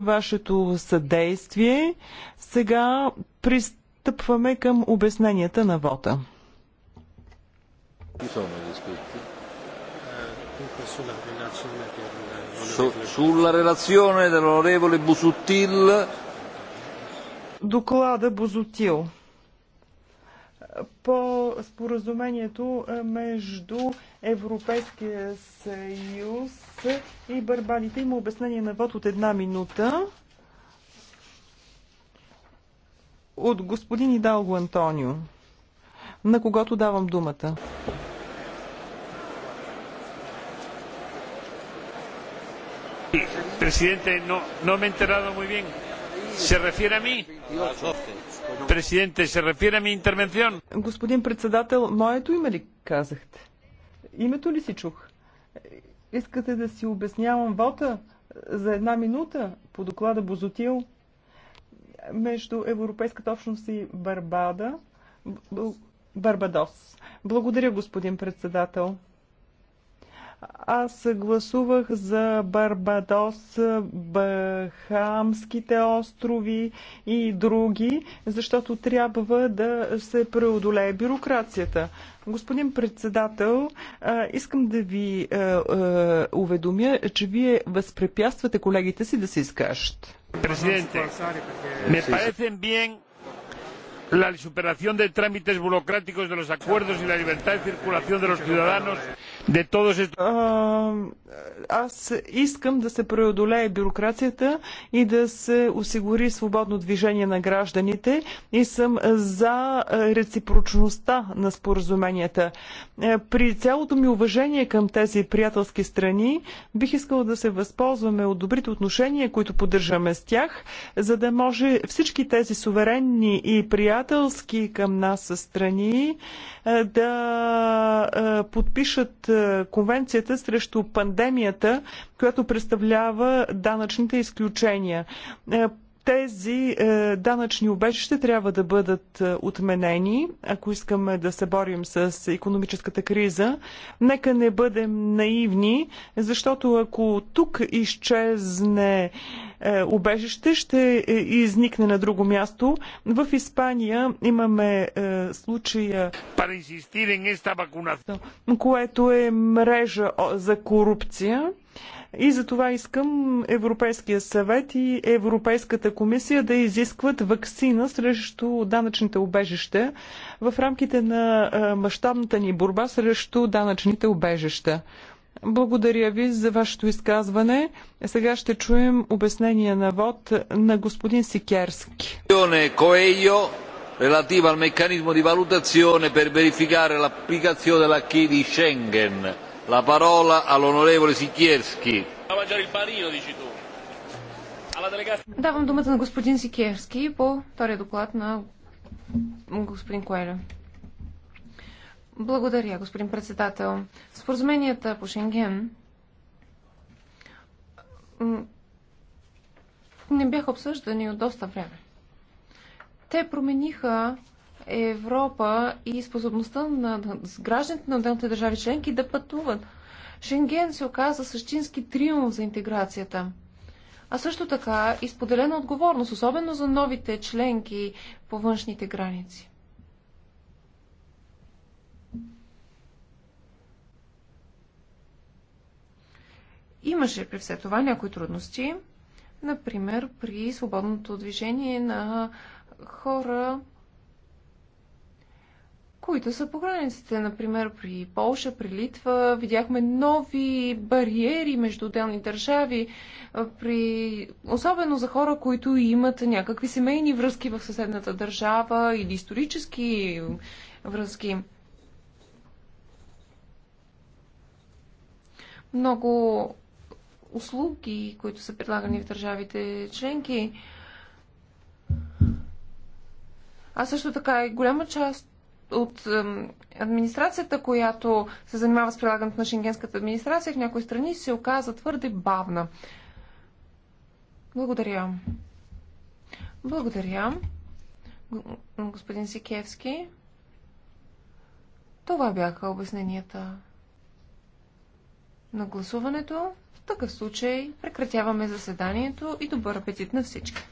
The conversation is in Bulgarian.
вашето съдействие. Сега пристъпваме към обясненията на вота. Sulla relazione dell'onorevole Busuttil. Доклада Бузутил по споразумението между Европейския съюз и Барбаните. Има обяснение на вод от една минута от господин Идалго Антонио, на когото давам думата. Президенте, но ме me he enterado Се рефира ми президенте, се рефира ми интервенцион. Господин председател, моето име ли казахте? Името ли си чух? Искате да си обяснявам вота е, за една минута по доклада Бозотил между Европейската общност и Барбада, Барбадос. Благодаря, господин председател. Аз гласувах за Барбадос, Бахамските острови и други, защото трябва да се преодолее бюрокрацията. Господин председател, искам да ви уведомя, че вие възпрепятствате колегите си да се изкажат. Президенте, ме парецен биен la superación de trámites burocráticos de los acuerdos y la libertad de circulación de los ciudadanos de todos estos. Аз искам да се преодолее бюрокрацията и да се осигури свободно движение на гражданите и съм за реципрочността на споразуменията. Е, при цялото ми уважение към тези приятелски страни, бих искала да се възползваме от добрите отношения, които поддържаме с тях, за да може всички тези суверенни и приятели приятелски към нас страни е, да е, подпишат е, конвенцията срещу пандемията, която представлява данъчните изключения тези е, данъчни обежища трябва да бъдат е, отменени, ако искаме да се борим с економическата криза. Нека не бъдем наивни, защото ако тук изчезне е, обежище, ще е, изникне на друго място. В Испания имаме е, случая, което е мрежа за корупция. И за това искам Европейския съвет и Европейската комисия да изискват вакцина срещу данъчните обежища в рамките на мащабната ни борба срещу данъчните обежища. Благодаря ви за вашето изказване. Сега ще чуем обяснение на вод на господин Сикерски. Relativa al meccanismo di valutazione per verificare l'applicazione dell'acquis di Schengen la parola all'onorevole Sikierski. Давам думата на господин Сикерски по втория доклад на господин Коеля. Благодаря, господин председател. Споразуменията по Шенген не бяха обсъждани от доста време. Те промениха Европа и способността на гражданите на отделните държави членки да пътуват. Шенген се оказа същински триумф за интеграцията. А също така и споделена отговорност, особено за новите членки по външните граници. Имаше при все това някои трудности, например при свободното движение на хора, които са по границите. Например, при Полша, при Литва видяхме нови бариери между отделни държави, при... особено за хора, които имат някакви семейни връзки в съседната държава или исторически връзки. Много услуги, които са предлагани в държавите членки. А също така и голяма част от администрацията, която се занимава с прилагането на шенгенската администрация в някои страни, се оказа твърде бавна. Благодаря. Благодаря, господин Сикевски. Това бяха обясненията на гласуването. В такъв случай прекратяваме заседанието и добър апетит на всички!